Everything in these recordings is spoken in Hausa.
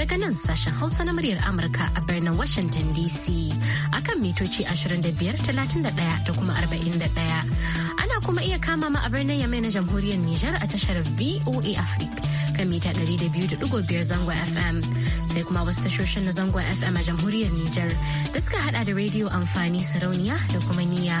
daga nan sashen Hausa na muryar Amurka a birnin Washington DC akan mitoci 25,31 da kuma 41. Ana kuma iya kama ma a birnin Yamai na jamhuriyar Nijar a tashar VOA Africa kan mita 200.5 zangon FM. Sai kuma wasu tashoshin na zangon FM a jamhuriyar Nijar da suka hada da rediyo amfani sarauniya da kuma niyya.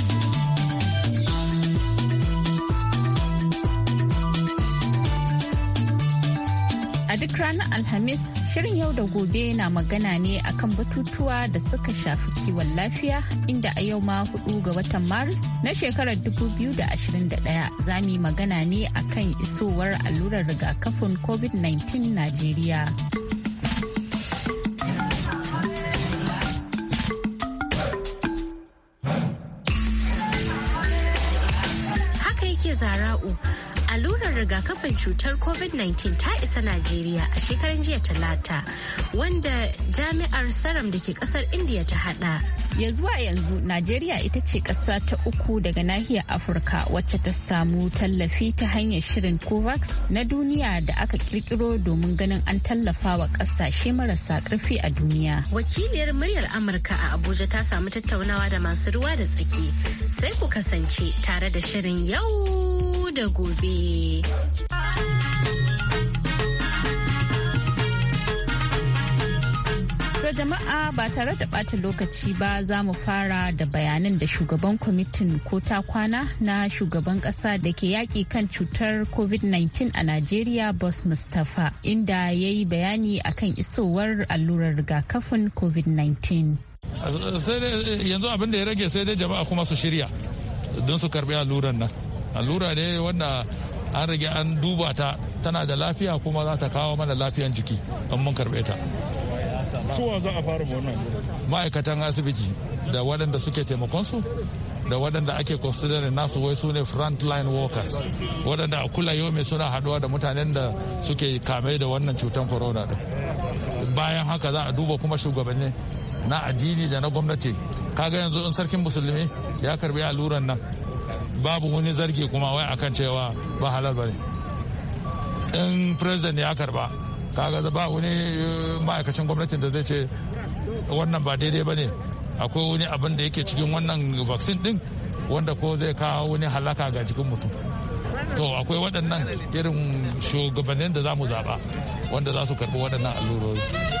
duk ranar Alhamis, shirin yau da gobe na magana ne akan batutuwa da suka shafi kiwon lafiya inda a yau ma hudu ga watan Maris na shekarar 2021 za mu yi magana ne akan isowar allurar rigakafin COVID-19 Najeriya. rigakafin cutar covid-19 ta isa najeriya a shekaran jiya talata wanda jami'ar saram da ke kasar indiya ta hada ya zuwa yanzu najeriya ita ce ƙasa ta uku daga nahiyar afirka wacce ta samu tallafi ta hanyar shirin covax na duniya da aka kirkiro domin ganin an tallafa wa ƙasashe marasa ƙarfi a duniya wakiliyar muryar amurka a abuja ta samu tattaunawa da masu ruwa da tsaki sai ku kasance tare da shirin yau da gobe. jama'a ba tare da bata lokaci ba za mu fara da bayanan da shugaban kwamitin ko ta kwana na shugaban ƙasa da ke yaƙi kan cutar COVID-19 a Najeriya Bos Mustapha inda ya yi bayani akan isowar allurar rigakafin COVID-19. yanzu abin da ya rage sai dai jama'a kuma su shirya don su karbi allurar nan. Allura ne wanda an rage an duba ta tana da lafiya kuma za ta kawo mana lafiyan jiki mun karbe ta. suwa za a fara wannan ma'aikatan asibiti da waɗanda suke taimakonsu da waɗanda ake considering nasu wai su ne frontline workers waɗanda a kula yau mai suna haɗuwa da mutanen da suke kame da wannan cutar corona da bayan haka za a duba kuma shugabanni na addini da na gwamnati kaga yanzu in sarkin musulmi ya karbi alluran nan babu wani zargi kuma wai akan cewa ba halal ne in president ya karba kaga ba wani eh, ma'aikacin gwamnatin da zai ce wannan ba daidai ba ne akwai wani abin da yake cikin wannan vaccine din wanda ko zai kawo wani halaka ga jikin mutum to akwai waɗannan irin shugabannin da za mu zaɓa wanda za su karɓi waɗannan allurori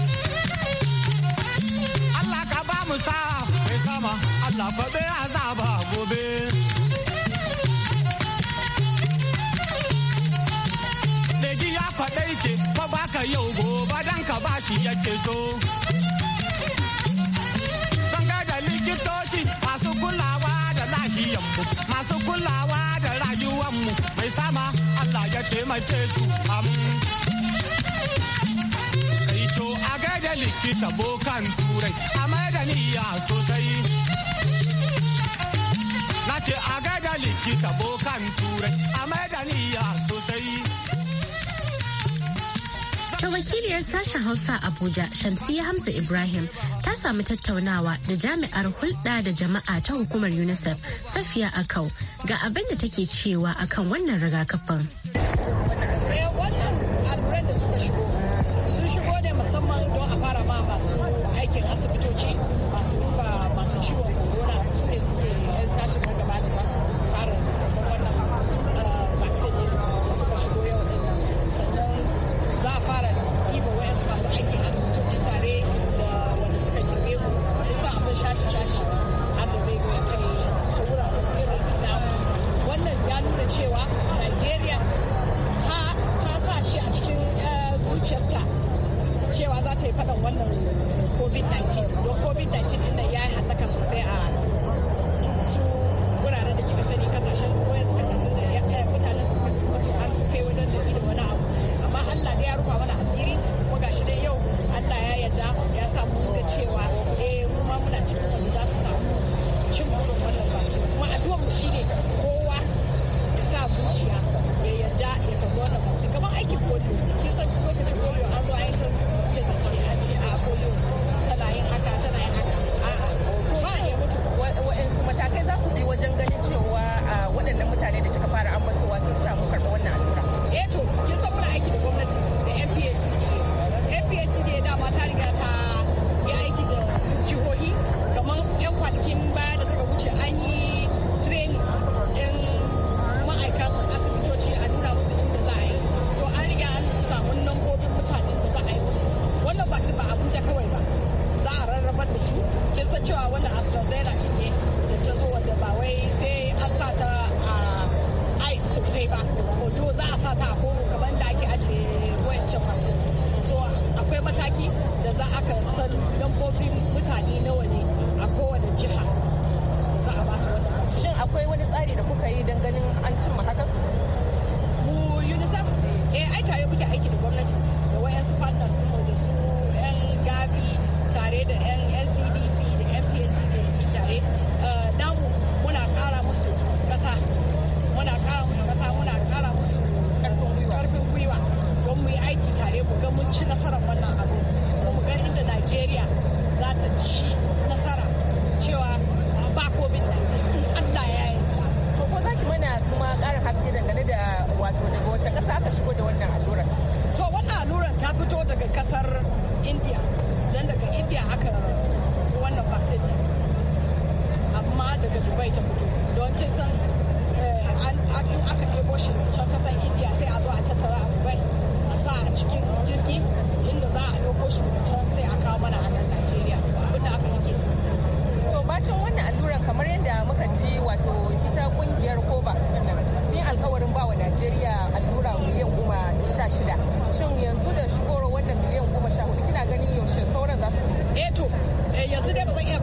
musa sa mai sama Allah kwabe azaba gobe. Daji ya faɗai ce fa baka yau gobe dan ka bashi yake so. Sanga da likitoci masu kulawa da lahiyanmu masu kulawa da rayuwanmu mai sama Allah ya taimake su amin. likita bokan turai a madaniya sosai na ce a gada likita bokan turai a madaniya sosai ta wakiliyar sashen hausa abuja Shamsiyya hamza ibrahim ta samu tattaunawa da jami'ar hulɗa da jama'a ta hukumar unicef safiya akau ga abin da take cewa akan wannan rigakafin.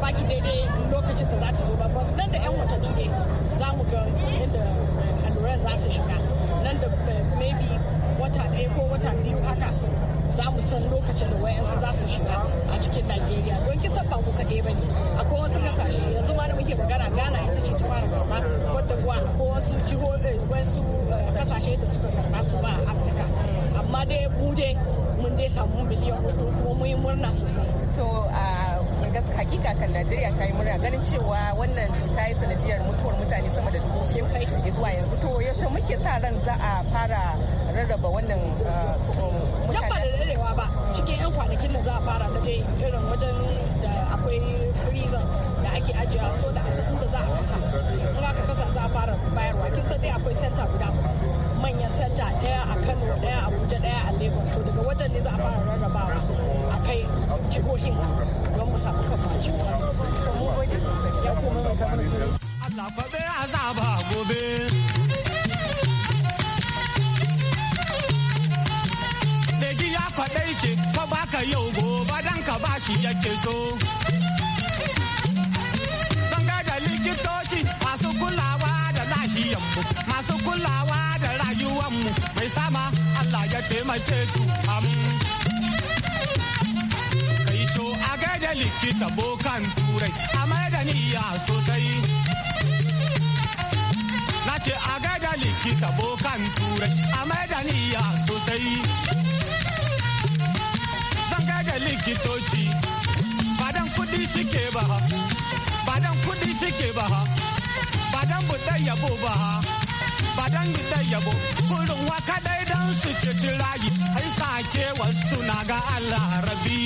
baki daidai lokacin da za ta zo ba nan da 'yan watanni ne za mu ga inda alluran za su shiga nan da eh, maybe wata ɗaya ko wata biyu haka za mu san lokacin da wayansu za su shiga a cikin Najeriya don kisan ba ku kaɗai ba ne akwai wasu kasashe yanzu ma da muke magana gana ita ce ta fara karɓa wadda zuwa ko wasu eh, wasu kasashe eh, da suka karɓa su ba a Afirka amma dai mu dai mun dai samu miliyan hoto kuma mun yi murna sosai. To ah, Na hakika kan Najeriya ta yi murna ganin cewa wannan ta yi sanadiyar mutuwar mutane sama da dubu sosai zuwa yanzu to yaushe muke sa ran za a fara rarraba wannan ah, um, mutane. ba da darewa ba cikin 'yan kwanakin da za a fara da irin wajen da akwai freezer da ake ajiya so da asa inda za a kasa in aka kasa za a fara bayarwa kin san dai akwai center guda manyan center daya a Kano daya a Abuja daya a Lagos to daga wajen ne za a fara rarrabawa a kai jihohin gobe. Deji ya faɗai ce, ka baka yau gobe dan ka ba shi yake so. Zan da likitoci masu kulawa da lahiyanmu, masu kulawa da rayuwanmu, mai sama Allah ya taimake su Kai co a gaida likita bokan turai, a mai da niyya sosai. ce a gaida likita bokan turai a maidaniya sosai zan gaida likitoci badan kudi suke ba ha badan kudi suke ba ha badan budan yabo ba ha badan budan yabo kurin waka dai dan su ci rayu? ai sake wasu na ga Allah rabi.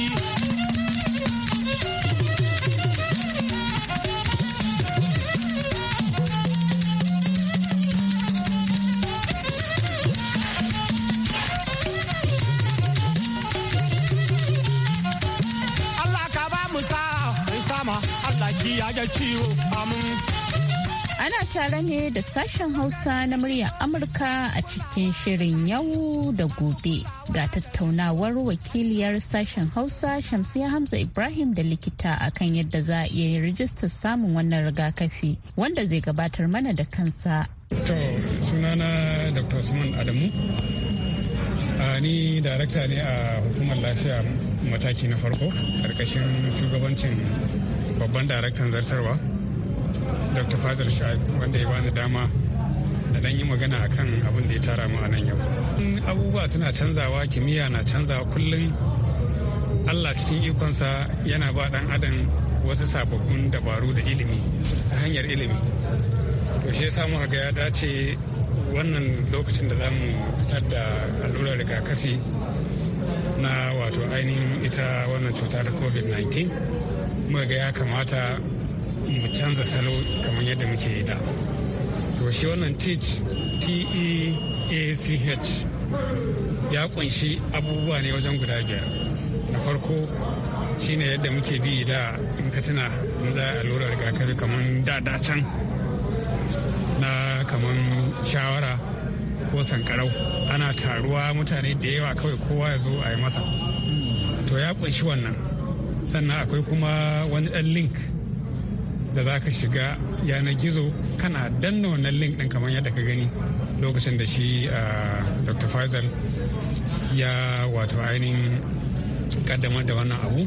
tare ne da sashen Hausa na murya Amurka a cikin shirin yau da gobe. Ga tattaunawar wakiliyar sashen Hausa Shamsiya Hamza Ibrahim da likita akan yadda za a iya rijistar samun wannan rigakafi wanda zai gabatar mana da kansa. To, sunana Dr. simon Adamu. ni darakta ne a hukumar lafiya mataki na farko karkashin shugabancin babban daraktan zartarwa dr fazil sha'ib wanda ya bani dama da dan yi magana akan abin da ya tara mu a nan yau abubuwa suna canzawa kimiyya na canzawa kullum allah cikin ikonsa yana ba dan adam wasu sababbin dabaru da ilimi a hanyar ilimi to shi yasa ga ya dace wannan lokacin da za mu fitar da allurar rigakafi na wato ainihin ita wannan cuta ta covid-19 muka ga ya kamata mu canza salo kamar yadda muke yi da to shi wannan teach t-e-a-c-h ya kunshi abubuwa ne wajen guda biyar na farko shine yadda muke bi da in ka tuna in za a lura rigakafi kamar dada can na kamar shawara ko sankarau ana taruwa mutane da yawa kawai kowa ya zo a yi masa to ya kunshi wannan sannan akwai kuma wani dan link da za ka shiga yanar gizo kana danna wannan link din kamar yadda ka gani lokacin da shi ah, dr faisal ya wato ainihin kaddamar da wannan abu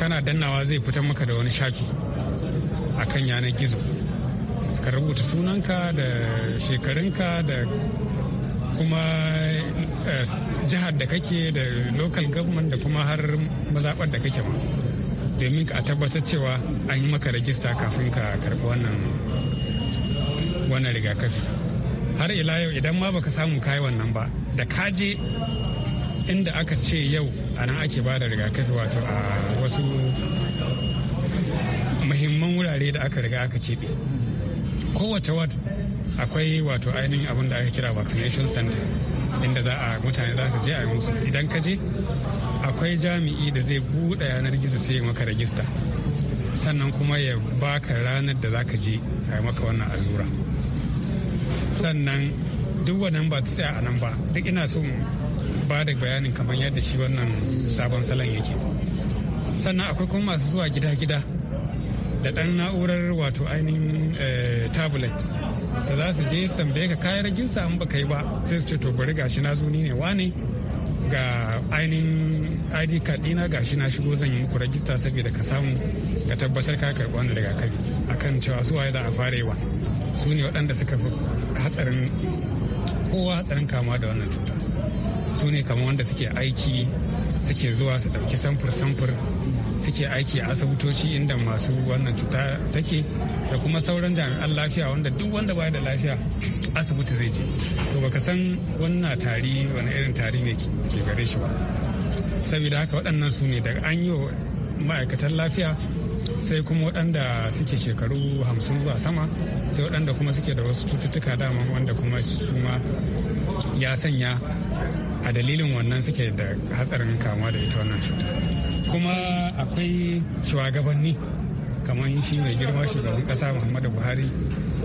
kana dannawa zai fitar maka da wani shafi a kan yanar gizo ka rubuta sunanka da shekarunka da kuma eh, jihar da kake da local government da kuma har mazaɓar da kake ma domin ka tabbatar cewa an yi maka rajista kafin ka karɓi wannan wannan rigakafi har ila yau idan ma baka samu kayi wannan ba da kaje inda aka ce yau a nan ake ba da rigakafi wato a wasu muhimman wurare da aka riga aka keɓe kowace wad akwai wato ainihin abin da aka kira vaccination center inda za a mutane za su je a yi musu idan ka je akwai jami'i da zai buɗe yanar gizo sai maka rajista sannan kuma ya baka ranar da zaka je a maka wannan allura sannan duk wannan ba ta tsaya a nan ba duk ina son ba da bayanin kamar yadda shi wannan sabon salon yake sannan akwai kuma masu zuwa gida-gida da ɗan na'urar wato ainihin eh, tablet da za su je su tambaye ka kayan rajista in baka yi ba sai su ce to bari gashi na zuni ne wa ne? ga ainihin id card ga gashi na shigo zan yi ku rajista saboda ka samu ka tabbatar ka karɓi kai a akan cewa su waye za a fara yawa su ne waɗanda suka fi hatsarin kowa hatsarin kama da wannan cuta su ne kamar wanda suke aiki suke zuwa su ɗauki samfur-samfur suke aiki a asibitoci inda masu wannan cuta take da kuma sauran jami'an lafiya wanda duk wanda baya da lafiya asibiti zai je to baka san wannan tari wani irin tari ne ke gare shi ba saboda haka waɗannan su ne daga an yi wa ma'aikatan lafiya sai kuma waɗanda suke shekaru hamsin zuwa sama sai waɗanda kuma suke da wasu cututtuka dama wanda kuma su ma ya sanya a dalilin wannan suke da hatsarin kamuwa da ita wannan cuta kuma akwai shugabanni kamar shi mai girma shugaban ƙasa muhammadu buhari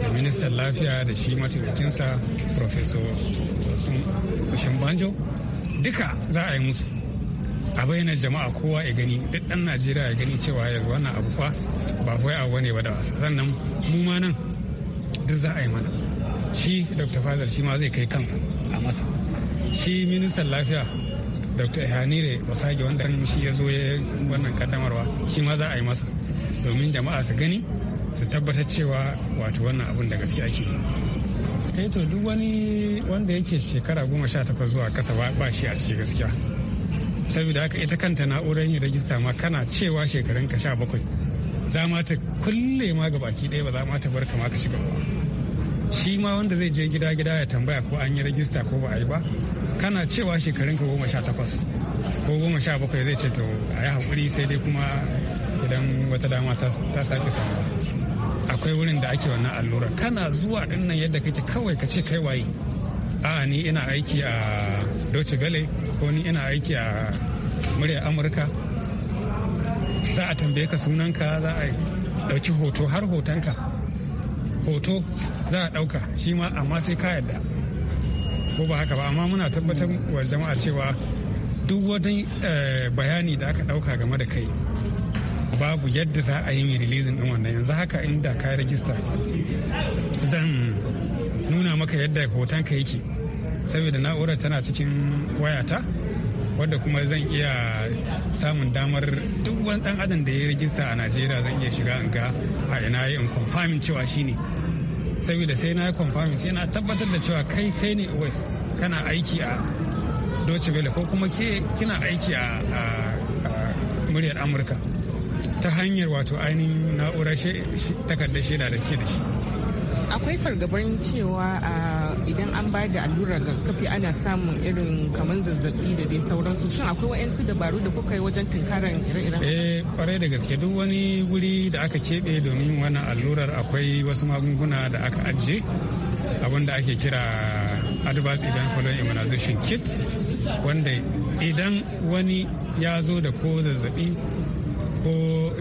da ministan lafiya da shi mataimakinsa professor banjo duka za a yi musu a bayyana jama'a kowa ya gani duk ɗan najeriya ya gani cewa yanzu wannan abu fa ba fa abu ne ba da wasa sannan mu ma nan duk za a yi mana shi dr fazal shi ma zai kai kansa a masa shi ministan lafiya dr hanire osage wanda shi ya zo ya wannan kaddamarwa shi ma za a yi masa domin jama'a su gani su tabbatar cewa wato wannan abin da gaske ake yi eh to duk wani wanda yake shekara goma sha takwas zuwa kasa ba shi a cikin gaskiya saboda haka ita kanta na'urar yin rajista ma kana cewa shekarun ka sha bakwai za ma ta kulle ma ga baki ɗaya ba za ma ta bar ka ma ka shiga ba shi ma wanda zai je gida gida ya tambaya ko an yi rajista ko ba a yi ba kana cewa shekarun ka goma sha takwas ko goma sha bakwai zai ce to a yi haƙuri sai dai kuma idan wata dama ta sake samuwa. akwai wurin da ake wannan allura kana zuwa din nan yadda kake kawai ka ce kai waye a ni ina aiki a Deutsche Welle ko ni ina aiki a murya Amurka za a tambaye ka sunanka za a dauki hoto har hotonka hoto za a dauka shi ma amma sai ka yadda ko ba haka ba amma muna tabbatar wa jama'a cewa duk wani eh, bayani da aka dauka game da kai babu yadda za a yi mai releasing din wannan yanzu haka inda ka rajista zan nuna maka yadda hoton ka yake saboda na'urar tana cikin wayata wadda kuma zan iya samun damar duk wani dan adam da ya rajista a najeriya zan iya shiga in ga a ina yi in confirmin cewa shine saboda sai na yi confirmin sai na tabbatar da cewa kai kai ne west kana aiki a Deutsche Welle ko kuma ke kina aiki a muryar Amurka. ta hanyar wato ainihin na'urar takardar shaida da ke da shi akwai fargabar cewa idan an ba da allurar kafi ana samun irin kamar zazzabi da dai sauransu shin akwai wa'yansu dabaru da kuka yi wajen tunkarar ire-iren eh kwarai da gaske duk wani wuri da aka keɓe domin wannan allurar akwai wasu magunguna da aka ajiye abin da ake kira advanced event following immunization kit wanda idan wani ya zo da ko zazzabi ko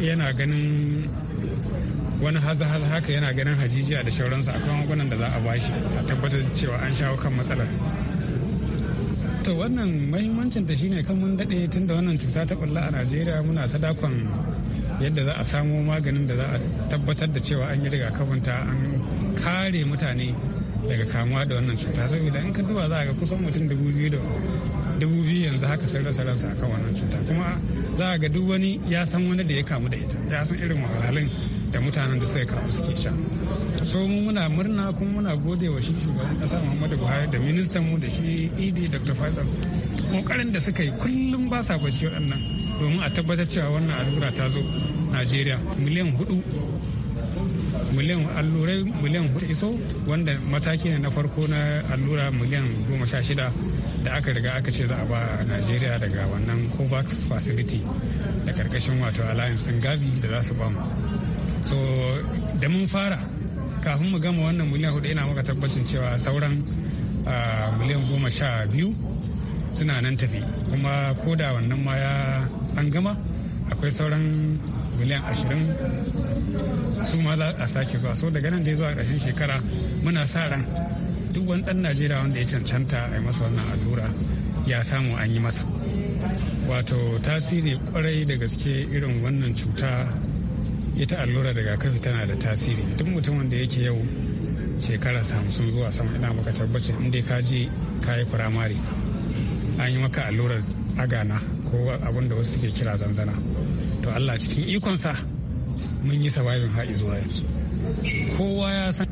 yana ganin wani haza-haza haka yana ganin hajijiya da shauransa akwai magunan da za a bashi a tabbatar cewa an shawo kan matsalar to wannan mahimmancin ta shine kan mun daɗe tun da wannan cuta ta ɓulla a najeriya muna ta dakon yadda za a samo maganin da za a tabbatar da cewa an yi ta an kare mutane daga kamuwa da wannan cuta saboda in ka duba za a ga kusan mutum dubu biyu da dubu biyu yanzu haka sun rasa ransa akan wannan cuta kuma za ga duk wani ya san wani da ya kamu da ita ya san irin wahalhalun da mutanen da suka kamu suke sha so mu muna murna kuma muna gode wa shi shugaban kasa muhammadu buhari da ministan mu da shi ed dr faisal kokarin da suka yi kullum ba sa bacci waɗannan domin a tabbatar cewa wannan allura ta zo najeriya miliyan hudu miliyan allurai miliyan hudu iso wanda mataki ne na farko na allura miliyan goma sha shida da aka riga aka ce za a ba najeriya daga wannan covax facility da karkashin wato alliance din gavi da za su bamu so da mun fara kafin mu gama wannan miliyan hudu ina maka tabbacin cewa sauran miliyan goma sha biyu suna nan tafi kuma ko da wannan ma ya an gama akwai sauran miliyan ashirin su ma za a sake zuwa so daga nan da zuwa ƙarshen shekara muna sa ran duk wani ɗan najeriya wanda ya cancanta a yi masa wannan allura ya samu an yi masa wato tasiri kwarai da gaske irin wannan cuta ita allura daga kafi tana da tasiri duk mutumin da yake yau shekara hamsin zuwa sama ina maka tabbacin inda ka je ka yi firamare an yi maka allurar agana ko abin da wasu ke kira zanzana to allah cikin ikonsa mun yi surviving har zuwa yanzu kowa ya san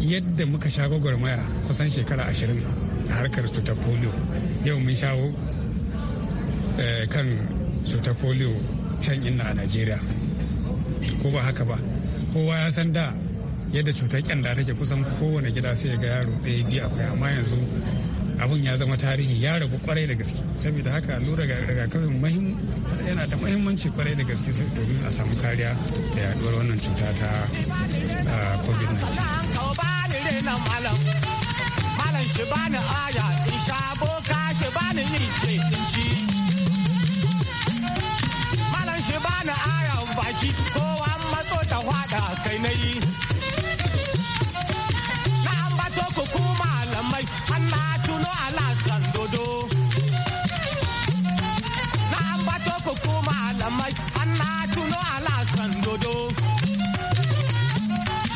yadda muka sha gwagwarmaya kusan shekara ashirin a harkar cutar polio yau mun shawo eh, kan cutar polio shan inna a najeriya ko ba haka ba kowa ya san da yadda cutar kyanda take kusan kowane gida sai ga yaro ɗaya biyu akwai amma yanzu abun ya zama tarihi ya ragu kwarai da gaske saboda haka allura rigakafin muhim yana da mahimmanci kwarai da gaske sai domin a samu kariya da yaduwar wannan cuta ta covid-19 malam shi bani aya in sha boka shi bani yin ce in ci malam shi bani aya baki kowa matso ta hwada kai na yi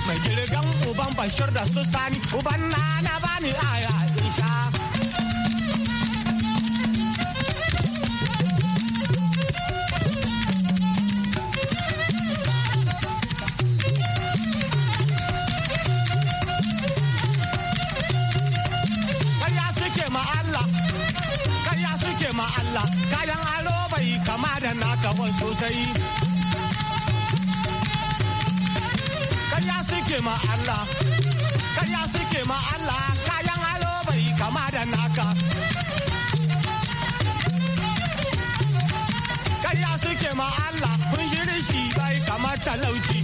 mai girgan uban bashir da su sani uban na na bani aya isha Kayan alo bai kama da naka wasu sosai. Allah kaya suke ma Allah kayan halo bai kama da naka karya suke ma Allah kun shiri shi bai kama talauci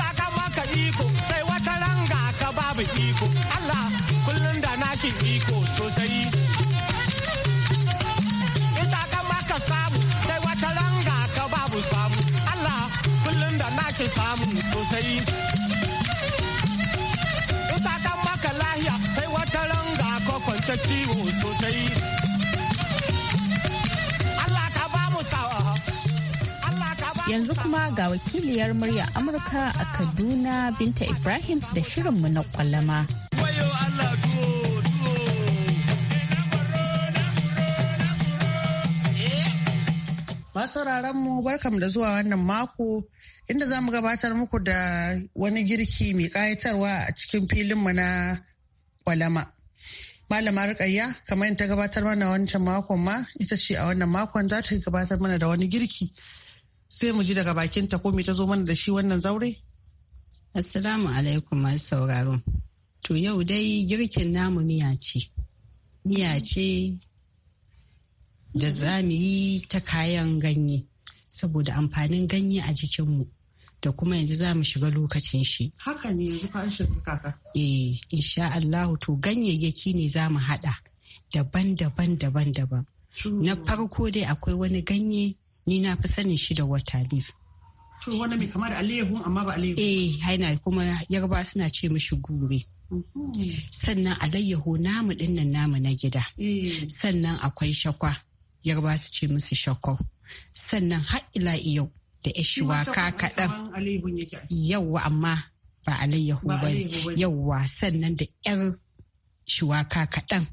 ta kama ka iko sai wata ranga ka babu iko Allah kullum da shi iko sosai ake samun sosai ita ta maka lahiya sai wata ranga ko ciwo sosai Allah ka ba mu sawa Yanzu kuma ga wakiliyar murya Amurka a Kaduna Binta Ibrahim da shirinmu na kwallama. Masu mu barkam da zuwa wannan mako inda za mu gabatar muku da wani girki mai ƙayatarwa a cikin filinmu na kwalama. Malama Rukayya kamar ta gabatar mana wancan makon ma ita ce a wannan makon za ta gabatar mana da wani girki sai mu ji daga bakin ta ko me ta zo mana da shi wannan zaure. Assalamu alaikum masu To yau dai girkin namu miya ce. Miya ce da za mu yi ta kayan ganye saboda amfanin ganye a jikinmu da kuma yanzu za mu shiga lokacin shi. Haka ne yanzu ka an shiga kaka. Eh, insha Allahu to ganyayyaki ne za mu haɗa daban-daban daban-daban. Na farko dai akwai wani ganye ni na fi sanin shi da water leaf. To wani mai kama da alayyahu amma ba alayyahu. Eh, haina kuma yarba suna ce mishi gure. Mhm. Sannan alayyahu namu dinnan namu na gida. Eh. Sannan akwai shakwa. ba su ce musu shakau sannan ila yau da ya shuwaka kaɗan yauwa amma ba alayyahu ba yauwa sannan da yar shuwaka kaɗan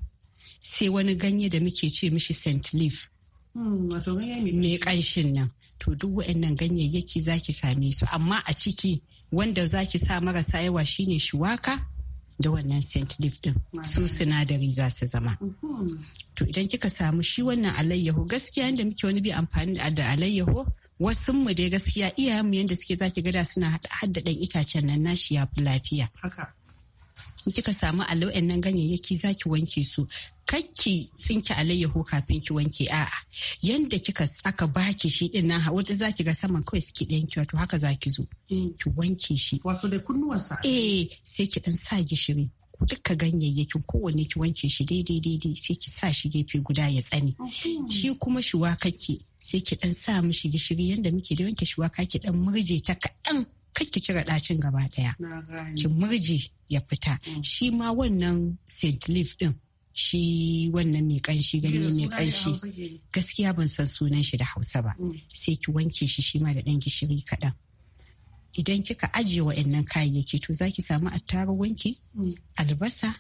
sai wani ganye da muke ce mishi st leaf hmm, mai ƙanshin nan to duk wa'annan ganyayyaki zaki same su amma a ciki wanda zaki sa marasa yawa shine shuwaka da wannan saint leaf din su sinadari za su zama mhm. to idan kika samu shi wannan alayyaho gaskiya inda muke wani bi amfani da alayyaho wasun mu dai gaskiya iyayenmu yadda suke zaki gada suna hada itacen nan nashi ya fi lafiya in kika samu alau'en nan ganyayyaki zaki wanke su kakki tsinki alayyaho kafin ki wanke a'a yanda kika aka baki shi din nan wata zaki ga saman kawai suke ɗayan ki wato haka ki zo mm. ki wanke shi wato da sa eh sai ki dan sa gishiri duka ganyayyakin kowanne ki wanke shi daidai daidai sai ki sa shi gefe guda ya tsane mm. shi kuma shuwakake sai ki dan sa mishi gishiri yanda muke da wanke shuwaka ki dan murje ta kaɗan ki cire ɗacin gaba ɗaya ki murji ya fita mm. shi ma wannan st leaf din shi wannan mai kanshi gani mai kanshi gaskiya ban san sunan shi da hausa ba mm. sai ki wanke shi shi ma da ɗan gishiri kaɗan idan kika ajiye wa'annan kayayyaki to zaki samu wanki? Mm. albasa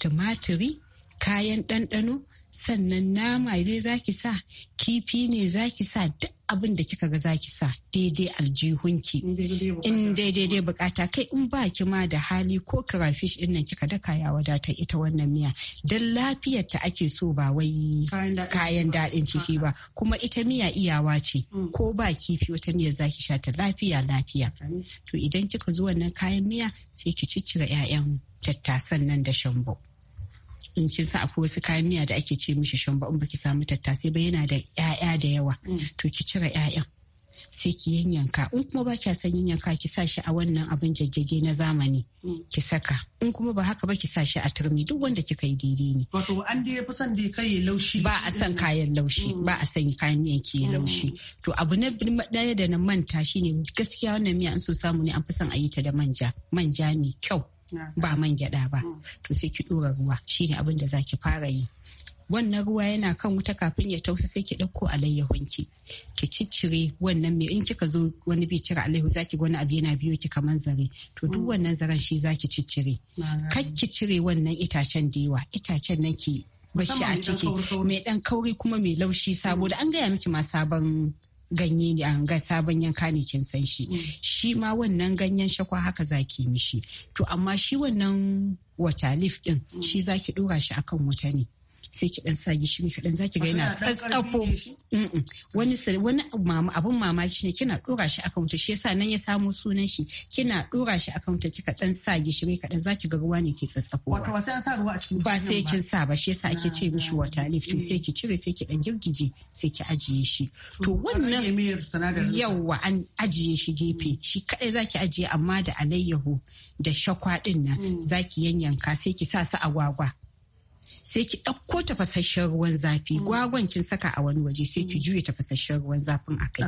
tumaturi kayan ɗanɗano sannan nama ne zaki sa kifi ne zaki sa duk abin da kika ga zaki sa daidai aljihunki in daidai bukata kai in ba ki ma da hali ko crayfish din nan kika daka ya wadata ita wannan miya dan lafiyar ta ake so ba wai kayan daɗin ciki ba kuma ita miya iyawa ce mm. ko ba kifi wata miyar zaki sha ta lafiya lafiya to idan kika zo wannan kayan miya sai ki ciccire 'ya'yan tattasan nan da shambo. in kin sa akwai wasu kayan miya da ake ce mishi shamba in baki samu tattasai ba yana da ƴaƴa da yawa mm. to ki cire ƴaƴan sai ki yanyanka in kuma ba kya san yanyanka ki sa shi a wannan abin jajjage na zamani mm. ki saka in kuma ba haka ba ki sa shi a turmi duk wanda kika yi daidai ne wato an da fi son da kai laushi ba a san kayan laushi mm. ba a san kayan miyan ki laushi to abu na daya da na manta shine gaskiya wannan miya an so samu ne an fi son a yi ta da manja manja mai kyau ba man gyada ba hmm. to sai ki dora ruwa shine abin da zaki fara yi wannan ruwa yana kan wuta kafin ya tausa sai ki ɗauko alayyahunki ki ciccire wannan mai in kika zo wani bi cire alayyahu zaki wani abu yana biyo ki kaman zare to duk hmm. wannan zaren shi zaki ciccire kar ki cire wannan itacen da yawa itacen nan ki bashi a ciki mai dan kauri kuma mai laushi saboda an gaya miki ma sabon ganye ne an ga sabon yanka ne kin san shi mm. shi ma wannan ganyen shakwa haka zaki mishi to amma shi wannan wata lif din mm. shi zaki dora shi akan wuta ne sai ki dan sa gishiri kadan zaki ki ga yana tsatsako wani wani abun mamaki ne kina dora shi akan wuta shi yasa nan ya samo sunan shi kina dora shi akan wuta kika dan sa gishiri kadan zaki ki ga ruwa ne ke tsatsako wato ba sai sa ruwa a cikin ba sai kin sa ba shi yasa ake ce mishi ah, wata leaf sai ki cire sai ki dan girgije sai ki ajiye shi to wannan yawa an ajiye shi gefe mm. shi kadai zaki ajiye amma da alayyahu da shakwa din nan mm. zaki yanyanka sai ki sa su agwagwa sai ki ɗauko tafasasshen ruwan zafi mm. gwagwan kin saka a wani waje sai ki mm. juye tafasasshen ruwan zafin a kai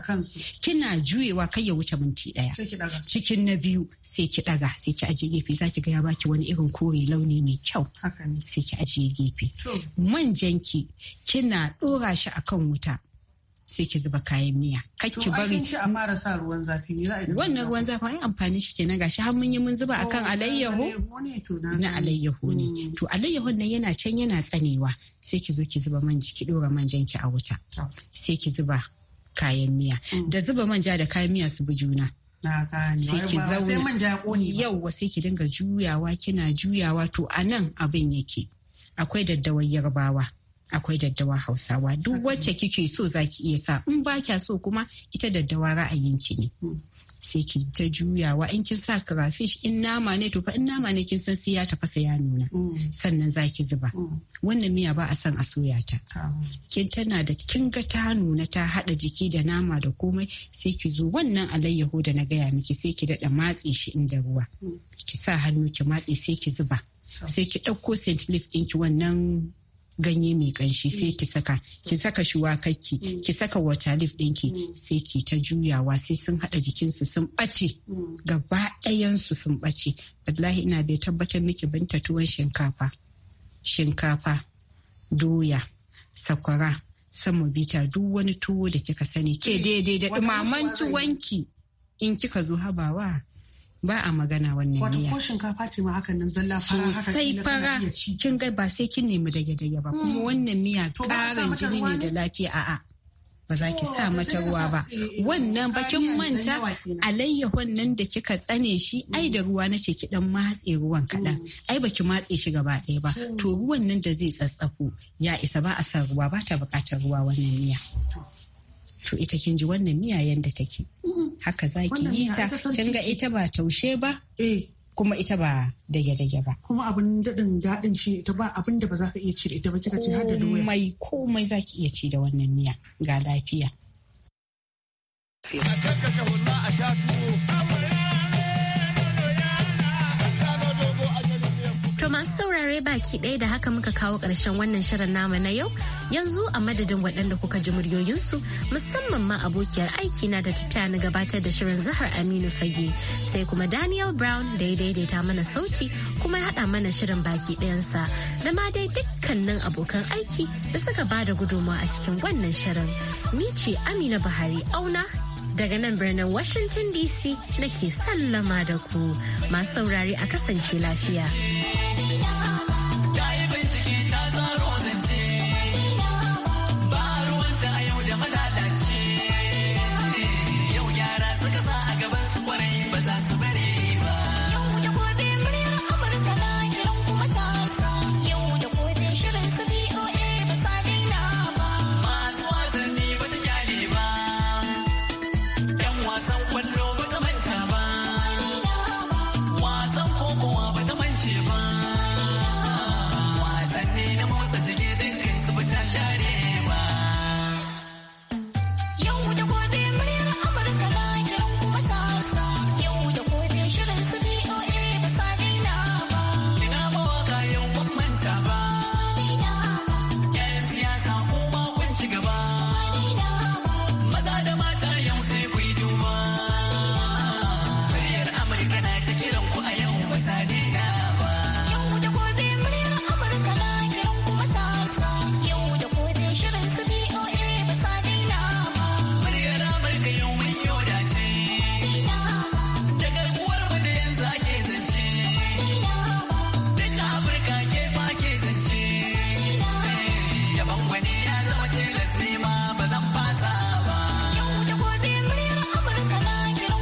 kina juyewa kai ya wuce minti ɗaya cikin na biyu sai ki ɗaga sai ki ajiye gefe za ki ga ya baki wani irin kore launi mai kyau sai ki ajiye gefe ki. kina ɗora shi akan wuta sai ki zuba kayan miya kai ki bari to a da sa ruwan zafi ne za wannan ruwan zafi ai amfani shi kenan gashi har mun yi mun zuba akan alayyahu oh, na alayyahu ne to alayyahu mm. nan yana can yana tsanewa sai ki zo ki zuba manja ki dora manjan ki a wuta sai ki zuba kayan miya mm. da zuba manja da kayan miya su bi juna sai ki zauna yauwa sai ki dinga juyawa kina juyawa to a nan abin yake akwai daddawar yarbawa akwai daddawa hausawa duk wacce kike so zaki iya sa in ba kya so kuma ita daddawa ki ne hmm. sai ki ta juyawa in kin sa crayfish in nama ne to fa in nama ne kin san sai ya tafasa ya nuna hmm. sannan za ki zuba hmm. wannan miya ba a san a soya ta ah. kin tana da kin ga ta nuna ta hada jiki da nama da komai sai ki zo wannan alayyaho da na gaya miki sai ki dada matse shi inda ruwa ki sa hannu ki matse sai ki zuba oh. sai ki ɗauko st ɗinki wannan ganye mai kanshi mm. sai ki saka ki mm. saka shuwakakki mm. ki saka water leaf ɗinki sai ki ta juyawa sai sun haɗa jikinsu sun bace gaba ɗayansu sun ɓace wallahi ina bai tabbatar miki binta tuwon shinkafa shinkafa doya sakwara samu bita duk wani tuwo da kika sani ke eh, daidai da ɗumaman tuwonki in kika zo habawa ba a magana wannan miya. Wato ko shinkafa ce ma hakan nan zalla fara haka sosai fara kin ga ba sai kin nemi dage dage ba kuma hmm. wannan miya karin jini ne da lafiya a'a. Ba za ki oh, sa mata ruwa ba. Eh, eh, wannan bakin manta alayyahon nan da kika tsane shi ai da ruwa na ce ki dan matse ruwan kaɗan. Hmm. Ai baki matse shi gaba ɗaya ba. Hmm. To ruwan nan da zai tsatsaku ya isa ba a san ruwa ba ta buƙatar ruwa wannan miya. to ita kin ji wannan miya yanda take mm-hmm. haka za ki yi ta kin ga ita ba taushe ba eh. kuma ita ba dage-dage ba. Kuma abin daɗin daɗin shi ita ba abin da ba za ka iya ci da ita ba kika ce har da doya. Komai komai za ki iya ci da wannan miya ga lafiya. a sha tuwo. masu saurare baki ɗaya da haka muka kawo ƙarshen wannan shirin nama na yau yanzu a madadin waɗanda kuka ji muryoyinsu musamman ma abokiyar aiki na da ta na gabatar da shirin Zahar Aminu Fage sai kuma Daniel Brown da ya daidaita mana sauti kuma ya haɗa mana shirin baki ɗayansa da ma dai dukkanin abokan aiki da suka ba da gudunmawa a cikin wannan shirin. Ni ce Amina Buhari auna daga nan birnin Washington DC nake sallama da ku masu saurari a kasance lafiya. ce